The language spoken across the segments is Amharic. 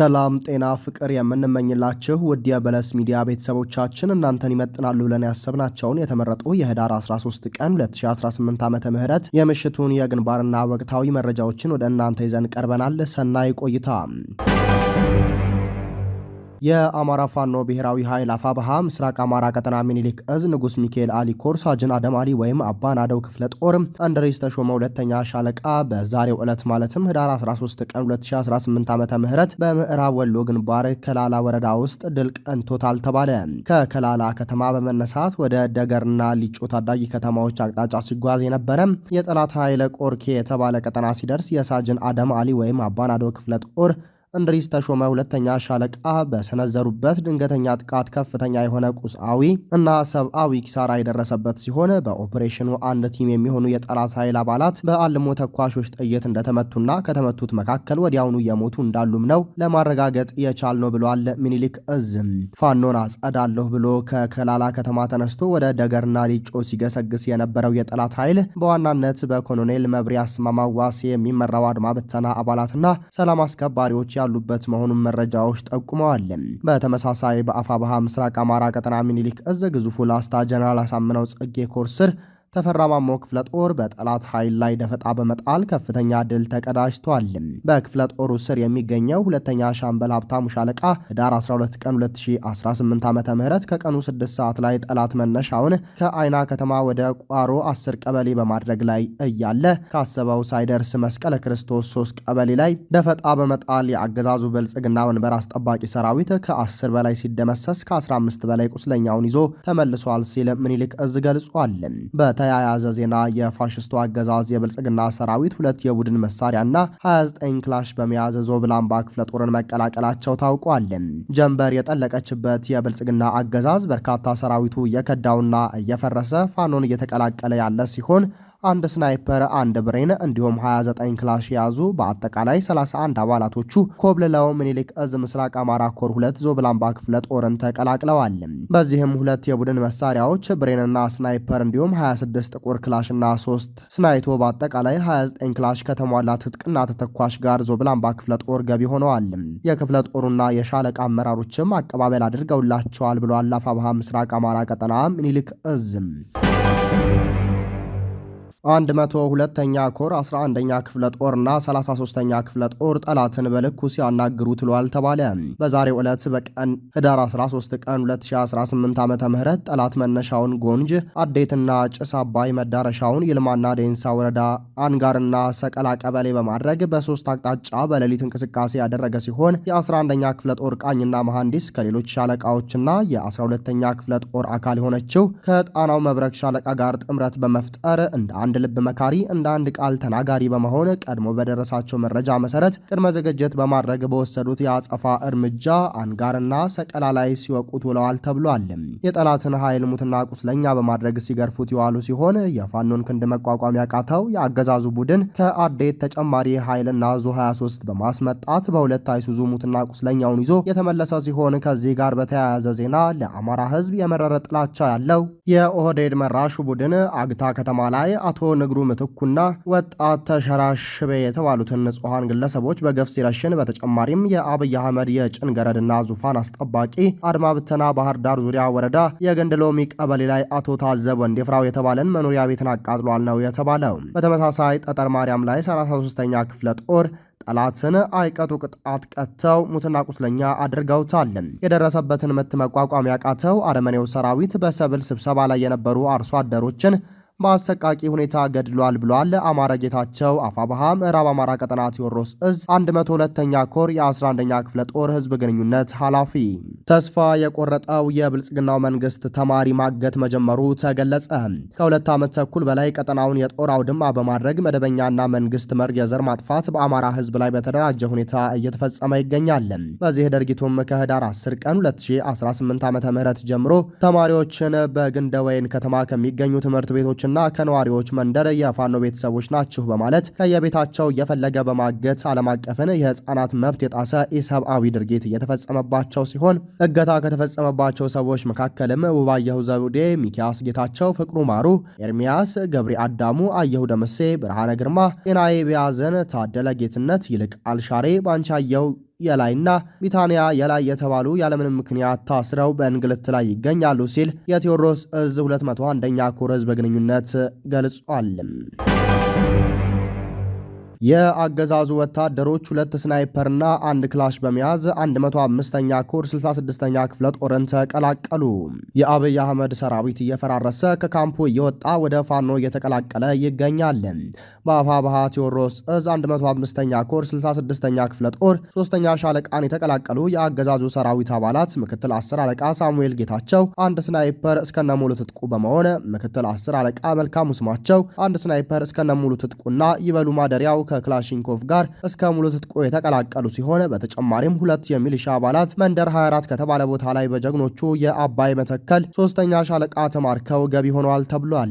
ሰላም ጤና ፍቅር የምንመኝላችሁ ውድ የበለስ ሚዲያ ቤተሰቦቻችን እናንተን ይመጥናሉ ብለን ያሰብናቸውን የተመረጡ የህዳር 13 ቀን 2018 ዓመተ ምህረት የምሽቱን የግንባርና ወቅታዊ መረጃዎችን ወደ እናንተ ይዘን ቀርበናል። ሰናይ ቆይታ የአማራ ፋኖ ብሔራዊ ኃይል አፋብሃ ምስራቅ አማራ ቀጠና ሚኒሊክ እዝ ንጉስ ሚካኤል አሊ ኮር ሳጅን አደም አሊ ወይም አባናደው ክፍለ ጦር አንድሬስ ተሾመ ሁለተኛ ሻለቃ በዛሬው ዕለት ማለትም ህዳር 13 ቀን 2018 ዓ ምህረት በምዕራብ ወሎ ግንባር ከላላ ወረዳ ውስጥ ድል ቀንቶታል ተባለ። ከከላላ ከተማ በመነሳት ወደ ደገርና ሊጮ ታዳጊ ከተማዎች አቅጣጫ ሲጓዝ የነበረ የጠላት ኃይለ ቆርኬ የተባለ ቀጠና ሲደርስ የሳጅን አደም አሊ ወይም አባናዶ ክፍለ ጦር እንድሪስ ተሾመ ሁለተኛ ሻለቃ በሰነዘሩበት ድንገተኛ ጥቃት ከፍተኛ የሆነ ቁሳዊ እና ሰብአዊ ኪሳራ የደረሰበት ሲሆን በኦፕሬሽኑ አንድ ቲም የሚሆኑ የጠላት ኃይል አባላት በአልሞ ተኳሾች ጥይት እንደተመቱና ከተመቱት መካከል ወዲያውኑ የሞቱ እንዳሉም ነው ለማረጋገጥ የቻልነው ብሏል። ሚኒሊክ እዝም ፋኖን አጸዳለሁ ብሎ ከከላላ ከተማ ተነስቶ ወደ ደገርና ሊጮ ሲገሰግስ የነበረው የጠላት ኃይል በዋናነት በኮሎኔል መብሪያ አስማማዋሴ የሚመራው አድማ ብተና አባላትና ሰላም አስከባሪዎች ያሉበት መሆኑን መረጃዎች ጠቁመዋል። በተመሳሳይ በአፋባሃ ምስራቅ አማራ ቀጠና ሚኒሊክ እዝ ግዙፉ ላስታ ጀነራል አሳምነው ጽጌ ኮር ስር ተፈራ ማሞ ክፍለ ጦር በጠላት ኃይል ላይ ደፈጣ በመጣል ከፍተኛ ድል ተቀዳጅቷል። በክፍለ ጦሩ ስር የሚገኘው ሁለተኛ ሻምበል ሀብታሙ ሻለቃ ህዳር 12 ቀን 2018 ዓ ም ከቀኑ 6 ሰዓት ላይ ጠላት መነሻውን ከአይና ከተማ ወደ ቋሮ 10 ቀበሌ በማድረግ ላይ እያለ ካሰበው ሳይደርስ መስቀለ ክርስቶስ 3 ቀበሌ ላይ ደፈጣ በመጣል የአገዛዙ ብልጽግና ወንበር አስጠባቂ ሰራዊት ከ10 በላይ ሲደመሰስ ከ15 በላይ ቁስለኛውን ይዞ ተመልሷል ሲል ምኒልክ እዝ ገልጿል። በተያያዘ ዜና የፋሽስቱ አገዛዝ የብልጽግና ሰራዊት ሁለት የቡድን መሳሪያና 29 ክላሽ በመያዝ ዞብላምባ ክፍለ ጦርን መቀላቀላቸው ታውቋል። ጀንበር የጠለቀችበት የብልጽግና አገዛዝ በርካታ ሰራዊቱ እየከዳውና እየፈረሰ ፋኖን እየተቀላቀለ ያለ ሲሆን አንድ ስናይፐር፣ አንድ ብሬን እንዲሁም 29 ክላሽ የያዙ በአጠቃላይ 31 አባላቶቹ ኮብልለው ምኒልክ እዝ ምስራቅ አማራ ኮር ሁለት ዞብላምባ ክፍለ ጦርን ተቀላቅለዋል። በዚህም ሁለት የቡድን መሳሪያዎች ብሬንና ስናይፐር እንዲሁም 26 ጥቁር ክላሽና 3 ስናይቶ በአጠቃላይ 29 ክላሽ ከተሟላ ትጥቅና ተተኳሽ ጋር ዞብላምባ ክፍለ ጦር ገቢ ሆነዋል። የክፍለ ጦሩና የሻለቃ አመራሮችም አቀባበል አድርገውላቸዋል ብሏል አፋብሃ ምስራቅ አማራ ቀጠና ምኒልክ እዝም 102ኛ ኮር 11ኛ ክፍለ ጦርና 33ኛ ክፍለ ጦር ጠላትን በልኩ ሲያናግሩ ትሏል ተባለ። በዛሬው ዕለት በቀን ህዳር 13 ቀን 2018 ዓ ም ጠላት መነሻውን ጎንጅ አዴትና ጭስ አባይ መዳረሻውን ይልማና ዴንሳ ወረዳ አንጋርና ሰቀላ ቀበሌ በማድረግ በሶስት አቅጣጫ በሌሊት እንቅስቃሴ ያደረገ ሲሆን የ11ኛ ክፍለ ጦር ቃኝና መሐንዲስ ከሌሎች ሻለቃዎችና የ12ኛ ክፍለ ጦር አካል የሆነችው ከጣናው መብረቅ ሻለቃ ጋር ጥምረት በመፍጠር እንደ አንድ ልብ መካሪ፣ እንደ አንድ ቃል ተናጋሪ በመሆን ቀድሞ በደረሳቸው መረጃ መሰረት ቅድመ ዝግጅት በማድረግ በወሰዱት የአጸፋ እርምጃ አንጋርና ሰቀላ ላይ ሲወቁት ውለዋል ተብሏል። የጠላትን ኃይል ሙትና ቁስለኛ በማድረግ ሲገርፉት የዋሉ ሲሆን የፋኖን ክንድ መቋቋም ያቃተው የአገዛዙ ቡድን ከአዴት ተጨማሪ ኃይልና ዙ 23 በማስመጣት በሁለት አይሱዙ ሙትና ቁስለኛውን ይዞ የተመለሰ ሲሆን ከዚህ ጋር በተያያዘ ዜና ለአማራ ሕዝብ የመረረ ጥላቻ ያለው የኦህዴድ መራሹ ቡድን አግታ ከተማ ላይ አቶ አቶ ንግሩ ምትኩና ወጣት ተሸራሽቤ የተባሉትን ንጹሐን ግለሰቦች በገፍ ሲረሽን በተጨማሪም የአብይ አህመድ የጭን ገረድና ዙፋን አስጠባቂ አድማ ብተና ባህር ዳር ዙሪያ ወረዳ የገንድሎሚ ቀበሌ ላይ አቶ ታዘብ ወንዴፍራው የተባለን መኖሪያ ቤትን አቃጥሏል ነው የተባለው። በተመሳሳይ ጠጠር ማርያም ላይ 33ኛ ክፍለ ጦር ጠላትን አይቀጡ ቅጣት ቀጥተው ሙትና ቁስለኛ አድርገውታል። የደረሰበትን ምት መቋቋም ያቃተው አረመኔው ሰራዊት በሰብል ስብሰባ ላይ የነበሩ አርሶ አደሮችን በአሰቃቂ ሁኔታ ገድሏል ብሏል። አማረ ጌታቸው አፋባሃ ምዕራብ አማራ ቀጠና ቴዎድሮስ እዝ 102ኛ ኮር የ11ኛ ክፍለ ጦር ህዝብ ግንኙነት ኃላፊ። ተስፋ የቆረጠው የብልጽግናው መንግስት ተማሪ ማገት መጀመሩ ተገለጸ። ከሁለት ዓመት ተኩል በላይ ቀጠናውን የጦር አውድማ በማድረግ መደበኛና መንግስት መር የዘር ማጥፋት በአማራ ህዝብ ላይ በተደራጀ ሁኔታ እየተፈጸመ ይገኛል። በዚህ ድርጊቱም ከህዳር 10 ቀን 2018 ዓ ም ጀምሮ ተማሪዎችን በግንደወይን ከተማ ከሚገኙ ትምህርት ቤቶች ። ከወጣቶችና ከነዋሪዎች መንደር የፋኖ ቤተሰቦች ናችሁ በማለት ከየቤታቸው እየፈለገ በማገት ዓለም አቀፍን የህፃናት መብት የጣሰ ኢሰብአዊ ድርጊት እየተፈጸመባቸው ሲሆን እገታ ከተፈጸመባቸው ሰዎች መካከልም ውባየሁ ዘውዴ፣ ሚኪያስ ጌታቸው፣ ፍቅሩ ማሩ፣ ኤርሚያስ ገብሪ፣ አዳሙ አየሁ፣ ደምሴ ብርሃነ ግርማ፣ ጤናዬ ቢያዘን፣ ታደለ ጌትነት፣ ይልቅ አልሻሬ፣ ባንቻየው የላይና ቢታንያ የላይ የተባሉ ያለምንም ምክንያት ታስረው በእንግልት ላይ ይገኛሉ ሲል የቴዎድሮስ እዝ 201ኛ ኮር ህዝብ ግንኙነት ገልጿል። የአገዛዙ ወታደሮች ሁለት ስናይፐርና አንድ ክላሽ በመያዝ 105ኛ ኮር 66ኛ ክፍለ ጦርን ተቀላቀሉ። የአብይ አህመድ ሰራዊት እየፈራረሰ ከካምፑ እየወጣ ወደ ፋኖ እየተቀላቀለ ይገኛል። ባሃ ቴዎድሮስ እዝ 105ኛ ኮር 66ኛ ክፍለ ጦር ሶስተኛ ሻለቃን የተቀላቀሉ የአገዛዙ ሰራዊት አባላት ምክትል 10 አለቃ ሳሙኤል ጌታቸው አንድ ስናይፐር እስከነሙሉ ትጥቁ በመሆን ምክትል 10 አለቃ መልካሙ ስማቸው አንድ ስናይፐር እስከነሙሉ ትጥቁና ይበሉ ማደሪያው ከክላሽንኮቭ ጋር እስከ ሙሉ ትጥቆ የተቀላቀሉ ሲሆን በተጨማሪም ሁለት የሚሊሻ አባላት መንደር 24 ከተባለ ቦታ ላይ በጀግኖቹ የአባይ መተከል ሶስተኛ ሻለቃ ተማርከው ገቢ ሆነዋል ተብሏል።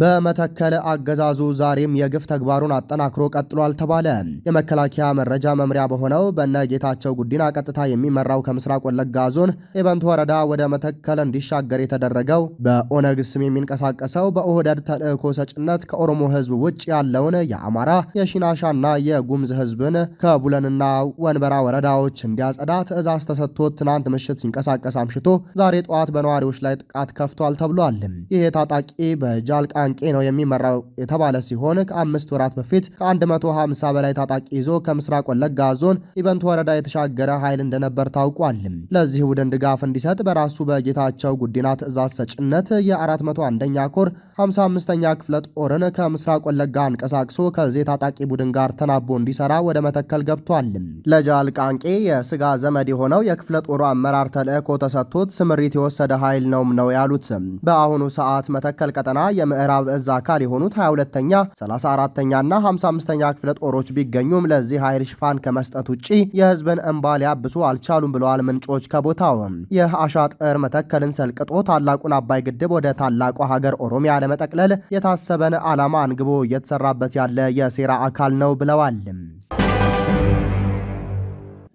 በመተከል አገዛዙ ዛሬም የግፍ ተግባሩን አጠናክሮ ቀጥሏል ተባለ። የመከላከያ መረጃ መምሪያ በሆነው በነ ጌታቸው ጉዲና ቀጥታ የሚመራው ከምስራቅ ወለጋ ዞን ኤቨንቱ ወረዳ ወደ መተከል እንዲሻገር የተደረገው በኦነግ ስም የሚንቀሳቀሰው በኦህደድ ተልእኮ ሰጭነት ከኦሮሞ ህዝብ ውጭ ያለውን የአማራ የሽናሻና የጉምዝ ህዝብን ከቡለንና ወንበራ ወረዳዎች እንዲያጸዳ ትእዛዝ ተሰጥቶ ትናንት ምሽት ሲንቀሳቀስ አምሽቶ ዛሬ ጠዋት በነዋሪዎች ላይ ጥቃት ከፍቷል ተብሏል። ይህ ታጣቂ በጃልቃ ቃንቄ ነው የሚመራው የተባለ ሲሆን ከአምስት ወራት በፊት ከ150 በላይ ታጣቂ ይዞ ከምስራቅ ወለጋ ዞን ኢቨንት ወረዳ የተሻገረ ኃይል እንደነበር ታውቋል። ለዚህ ቡድን ድጋፍ እንዲሰጥ በራሱ በጌታቸው ጉዲና ትእዛዝ ሰጭነት የ401ኛ ኮር 55ኛ ክፍለ ጦርን ከምስራቅ ወለጋ አንቀሳቅሶ ከዚህ ታጣቂ ቡድን ጋር ተናቦ እንዲሰራ ወደ መተከል ገብቷል። ለጃል ቃንቄ የስጋ ዘመድ የሆነው የክፍለ ጦሩ አመራር ተልእኮ ተሰጥቶት ስምሪት የወሰደ ኃይል ነውም ነው ያሉት። በአሁኑ ሰዓት መተከል ቀጠና የምዕራ ምዕራብ እዝ አካል የሆኑት 22ኛ፣ 34 ተኛና 55 ተኛ ክፍለ ጦሮች ቢገኙም ለዚህ ኃይል ሽፋን ከመስጠት ውጪ የህዝብን እንባ ሊያብሱ አልቻሉም ብለዋል ምንጮች ከቦታው። ይህ አሻጥር መተከልን ሰልቅጦ ታላቁን አባይ ግድብ ወደ ታላቋ ሀገር ኦሮሚያ ለመጠቅለል የታሰበን ዓላማ አንግቦ እየተሰራበት ያለ የሴራ አካል ነው ብለዋል።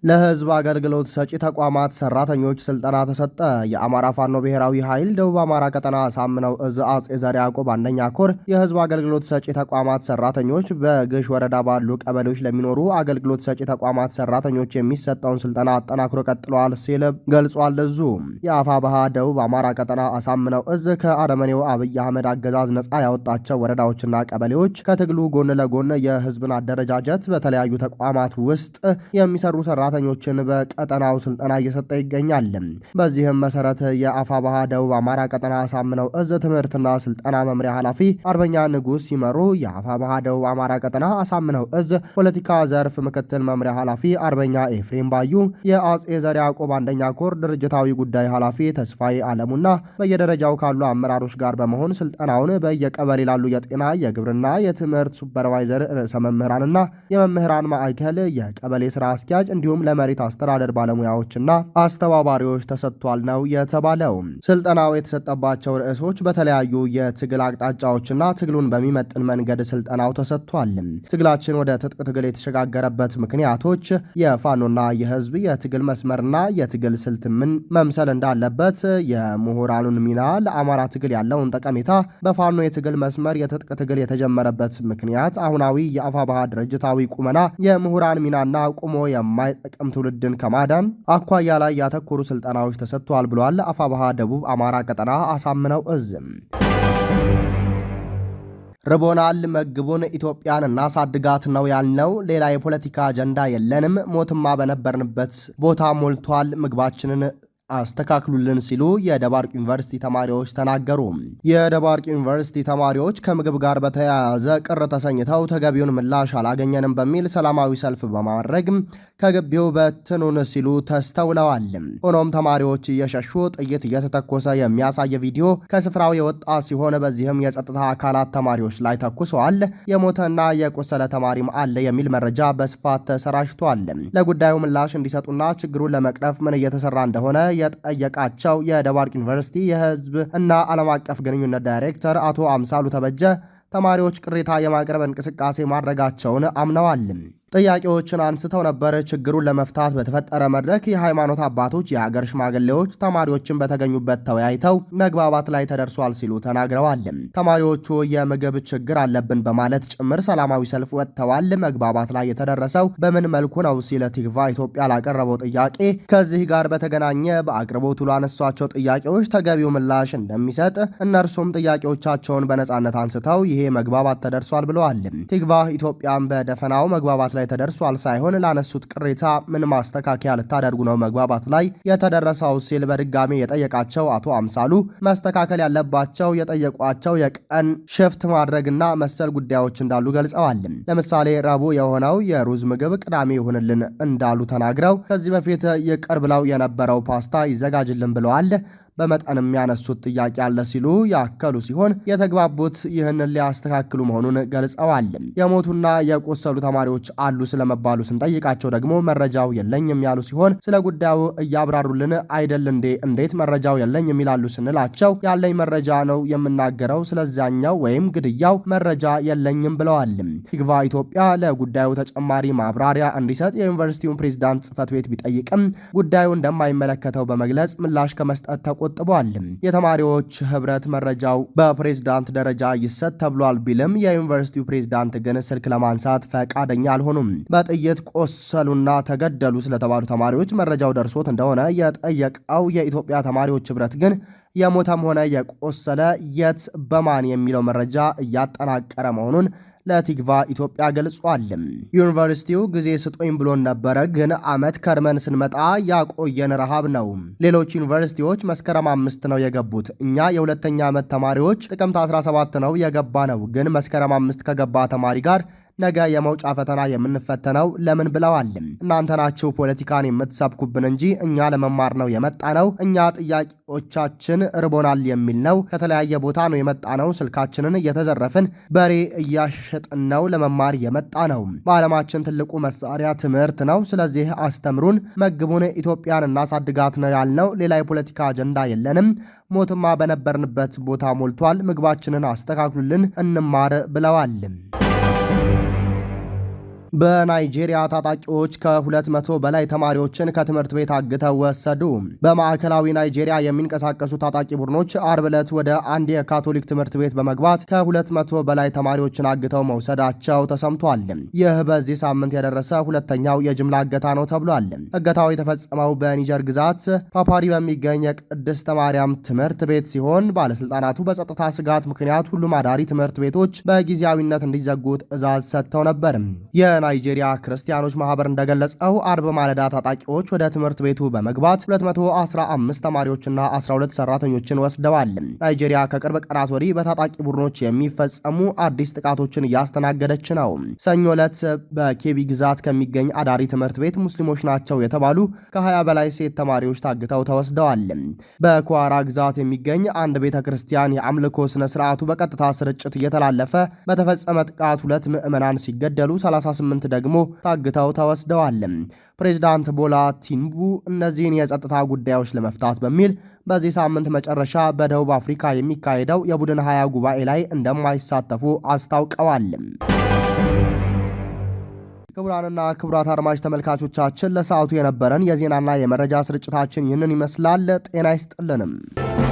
ለህዝብ አገልግሎት ሰጪ ተቋማት ሰራተኞች ስልጠና ተሰጠ። የአማራ ፋኖ ብሔራዊ ኃይል ደቡብ አማራ ቀጠና ሳምነው እዝ አጼ ዘርዓ ያዕቆብ አንደኛ ኮር የህዝብ አገልግሎት ሰጪ ተቋማት ሰራተኞች በግሽ ወረዳ ባሉ ቀበሌዎች ለሚኖሩ አገልግሎት ሰጪ ተቋማት ሰራተኞች የሚሰጠውን ስልጠና አጠናክሮ ቀጥለዋል ሲል ገልጿል። ለዙ የአፋ ባህ ደቡብ አማራ ቀጠና አሳምነው እዝ ከአረመኔው አብይ አህመድ አገዛዝ ነጻ ያወጣቸው ወረዳዎችና ቀበሌዎች ከትግሉ ጎን ለጎን የህዝብን አደረጃጀት በተለያዩ ተቋማት ውስጥ የሚሰሩ ሰራ ሰራተኞችን በቀጠናው ስልጠና እየሰጠ ይገኛል። በዚህም መሰረት የአፋባሃ ደቡብ አማራ ቀጠና አሳምነው እዝ ትምህርትና ስልጠና መምሪያ ኃላፊ አርበኛ ንጉስ ሲመሩ፣ የአፋባሃ ደቡብ አማራ ቀጠና አሳምነው እዝ ፖለቲካ ዘርፍ ምክትል መምሪያ ኃላፊ አርበኛ ኤፍሬም ባዩ፣ የአጼ ዘር ያዕቆብ አንደኛ ኮር ድርጅታዊ ጉዳይ ኃላፊ ተስፋዬ አለሙና በየደረጃው ካሉ አመራሮች ጋር በመሆን ስልጠናውን በየቀበሌ ላሉ የጤና የግብርና የትምህርት ሱፐርቫይዘር ርዕሰ መምህራንና የመምህራን ማዕከል የቀበሌ ስራ አስኪያጅ እንዲሁም እንዲሁም ለመሬት አስተዳደር ባለሙያዎችና አስተባባሪዎች ተሰጥቷል ነው የተባለው። ስልጠናው የተሰጠባቸው ርዕሶች በተለያዩ የትግል አቅጣጫዎችና ትግሉን በሚመጥን መንገድ ስልጠናው ተሰጥቷል። ትግላችን ወደ ትጥቅ ትግል የተሸጋገረበት ምክንያቶች፣ የፋኖና የህዝብ የትግል መስመርና የትግል ስልት ምን መምሰል እንዳለበት፣ የምሁራኑን ሚና፣ ለአማራ ትግል ያለውን ጠቀሜታ፣ በፋኖ የትግል መስመር የትጥቅ ትግል የተጀመረበት ምክንያት፣ አሁናዊ የአፋባሃ ድርጅታዊ ቁመና፣ የምሁራን ሚናና ቁሞ የማይ በመጠቀም ትውልድን ከማዳን አኳያ ላይ ያተኮሩ ስልጠናዎች ተሰጥተዋል ብለዋል። አፋባሃ ደቡብ አማራ ቀጠና አሳምነው እዝም ርቦናል መግቡን ኢትዮጵያን እናሳድጋት ነው ያልነው። ሌላ የፖለቲካ አጀንዳ የለንም። ሞትማ በነበርንበት ቦታ ሞልቷል። ምግባችንን አስተካክሉልን ሲሉ የደባርቅ ዩኒቨርሲቲ ተማሪዎች ተናገሩ። የደባርቅ ዩኒቨርሲቲ ተማሪዎች ከምግብ ጋር በተያያዘ ቅር ተሰኝተው ተገቢውን ምላሽ አላገኘንም በሚል ሰላማዊ ሰልፍ በማድረግ ከግቢው በትኑን ሲሉ ተስተውለዋል። ሆኖም ተማሪዎች እየሸሹ ጥይት እየተተኮሰ የሚያሳይ ቪዲዮ ከስፍራው የወጣ ሲሆን በዚህም የጸጥታ አካላት ተማሪዎች ላይ ተኩሰዋል፣ የሞተና የቆሰለ ተማሪም አለ የሚል መረጃ በስፋት ተሰራጭቷል። ለጉዳዩ ምላሽ እንዲሰጡና ችግሩን ለመቅረፍ ምን እየተሰራ እንደሆነ የጠየቃቸው የደባርቅ ዩኒቨርሲቲ የህዝብ እና ዓለም አቀፍ ግንኙነት ዳይሬክተር አቶ አምሳሉ ተበጀ ተማሪዎች ቅሬታ የማቅረብ እንቅስቃሴ ማድረጋቸውን አምነዋል። ጥያቄዎችን አንስተው ነበር። ችግሩን ለመፍታት በተፈጠረ መድረክ የሃይማኖት አባቶች፣ የሀገር ሽማግሌዎች፣ ተማሪዎችን በተገኙበት ተወያይተው መግባባት ላይ ተደርሷል ሲሉ ተናግረዋል። ተማሪዎቹ የምግብ ችግር አለብን በማለት ጭምር ሰላማዊ ሰልፍ ወጥተዋል። መግባባት ላይ የተደረሰው በምን መልኩ ነው ሲለ ቲክቫ ኢትዮጵያ ላቀረበው ጥያቄ ከዚህ ጋር በተገናኘ በአቅርቦቱ ላነሷቸው ጥያቄዎች ተገቢው ምላሽ እንደሚሰጥ እነርሱም ጥያቄዎቻቸውን በነጻነት አንስተው ይሄ መግባባት ተደርሷል ብለዋል። ቲክቫ ኢትዮጵያን በደፈናው መግባባት ላይ ተደርሷል ሳይሆን ላነሱት ቅሬታ ምን ማስተካከያ ልታደርጉ ነው መግባባት ላይ የተደረሰው ሲል በድጋሚ የጠየቃቸው አቶ አምሳሉ መስተካከል ያለባቸው የጠየቋቸው የቀን ሽፍት ማድረግና መሰል ጉዳዮች እንዳሉ ገልጸዋል። ለምሳሌ ረቡዕ የሆነው የሩዝ ምግብ ቅዳሜ ይሁንልን እንዳሉ ተናግረው ከዚህ በፊት ይቅር ብለው የነበረው ፓስታ ይዘጋጅልን ብለዋል። በመጠን የሚያነሱት ጥያቄ አለ ሲሉ ያከሉ ሲሆን የተግባቡት ይህንን ሊያስተካክሉ መሆኑን ገልጸዋል። የሞቱና የቆሰሉ ተማሪዎች አሉ ስለመባሉ ስንጠይቃቸው ደግሞ መረጃው የለኝም ያሉ ሲሆን ስለ ጉዳዩ እያብራሩልን አይደል እንዴ? እንዴት መረጃው የለኝም ይላሉ ስንላቸው ያለኝ መረጃ ነው የምናገረው፣ ስለዚያኛው ወይም ግድያው መረጃ የለኝም ብለዋል። ሂግቫ ኢትዮጵያ ለጉዳዩ ተጨማሪ ማብራሪያ እንዲሰጥ የዩኒቨርሲቲውን ፕሬዚዳንት ጽህፈት ቤት ቢጠይቅም ጉዳዩ እንደማይመለከተው በመግለጽ ምላሽ ከመስጠት ተቆ ተቆጥቧል። የተማሪዎች ህብረት መረጃው በፕሬዝዳንት ደረጃ ይሰጥ ተብሏል ቢልም የዩኒቨርሲቲው ፕሬዝዳንት ግን ስልክ ለማንሳት ፈቃደኛ አልሆኑም። በጥይት ቆሰሉና ተገደሉ ስለተባሉ ተማሪዎች መረጃው ደርሶት እንደሆነ የጠየቀው የኢትዮጵያ ተማሪዎች ህብረት ግን የሞተም ሆነ የቆሰለ የት በማን የሚለው መረጃ እያጠናቀረ መሆኑን ለቲግቫ ኢትዮጵያ ገልጿል። ዩኒቨርሲቲው ጊዜ ስጦኝ ብሎን ነበረ፣ ግን አመት ከርመን ስንመጣ ያቆየን ረሃብ ነው። ሌሎች ዩኒቨርሲቲዎች መስከረም አምስት ነው የገቡት። እኛ የሁለተኛ ዓመት ተማሪዎች ጥቅምት 17 ነው የገባ ነው። ግን መስከረም አምስት ከገባ ተማሪ ጋር ነገ የመውጫ ፈተና የምንፈተነው ለምን ብለዋል። እናንተ ናችሁ ፖለቲካን የምትሰብኩብን እንጂ እኛ ለመማር ነው የመጣ ነው። እኛ ጥያቄዎቻችን ርቦናል የሚል ነው። ከተለያየ ቦታ ነው የመጣ ነው። ስልካችንን እየተዘረፍን በሬ እያሸጥን ነው ለመማር የመጣ ነው። በዓለማችን ትልቁ መሳሪያ ትምህርት ነው። ስለዚህ አስተምሩን፣ መግቡን፣ ኢትዮጵያን እናሳድጋት ነው ያልነው። ሌላ የፖለቲካ አጀንዳ የለንም። ሞትማ በነበርንበት ቦታ ሞልቷል። ምግባችንን አስተካክሉልን እንማር ብለዋል። በናይጄሪያ ታጣቂዎች ከ200 በላይ ተማሪዎችን ከትምህርት ቤት አግተው ወሰዱ። በማዕከላዊ ናይጄሪያ የሚንቀሳቀሱ ታጣቂ ቡድኖች አርብ ዕለት ወደ አንድ የካቶሊክ ትምህርት ቤት በመግባት ከ200 በላይ ተማሪዎችን አግተው መውሰዳቸው ተሰምቷል። ይህ በዚህ ሳምንት የደረሰ ሁለተኛው የጅምላ እገታ ነው ተብሏል። እገታው የተፈጸመው በኒጀር ግዛት ፓፓሪ በሚገኝ የቅድስተ ማርያም ትምህርት ቤት ሲሆን ባለስልጣናቱ በጸጥታ ስጋት ምክንያት ሁሉም አዳሪ ትምህርት ቤቶች በጊዜያዊነት እንዲዘጉ ትዕዛዝ ሰጥተው ነበር። የናይጄሪያ ክርስቲያኖች ማህበር እንደገለጸው አርብ ማለዳ ታጣቂዎች ወደ ትምህርት ቤቱ በመግባት 215 ተማሪዎችና 12 ሰራተኞችን ወስደዋል። ናይጄሪያ ከቅርብ ቀናት ወዲህ በታጣቂ ቡድኖች የሚፈጸሙ አዲስ ጥቃቶችን እያስተናገደች ነው። ሰኞ ዕለት በኬቢ ግዛት ከሚገኝ አዳሪ ትምህርት ቤት ሙስሊሞች ናቸው የተባሉ ከ20 በላይ ሴት ተማሪዎች ታግተው ተወስደዋል። በኳራ ግዛት የሚገኝ አንድ ቤተ ክርስቲያን የአምልኮ ስነ ስርዓቱ በቀጥታ ስርጭት እየተላለፈ በተፈጸመ ጥቃት ሁለት ምዕመናን ሲገደሉ 38 ስምንት ደግሞ ታግተው ተወስደዋል። ፕሬዚዳንት ቦላ ቲንቡ እነዚህን የጸጥታ ጉዳዮች ለመፍታት በሚል በዚህ ሳምንት መጨረሻ በደቡብ አፍሪካ የሚካሄደው የቡድን ሀያ ጉባኤ ላይ እንደማይሳተፉ አስታውቀዋል። ክቡራንና ክቡራት አድማጭ ተመልካቾቻችን ለሰዓቱ የነበረን የዜናና የመረጃ ስርጭታችን ይህንን ይመስላል። ጤና ይስጥልንም።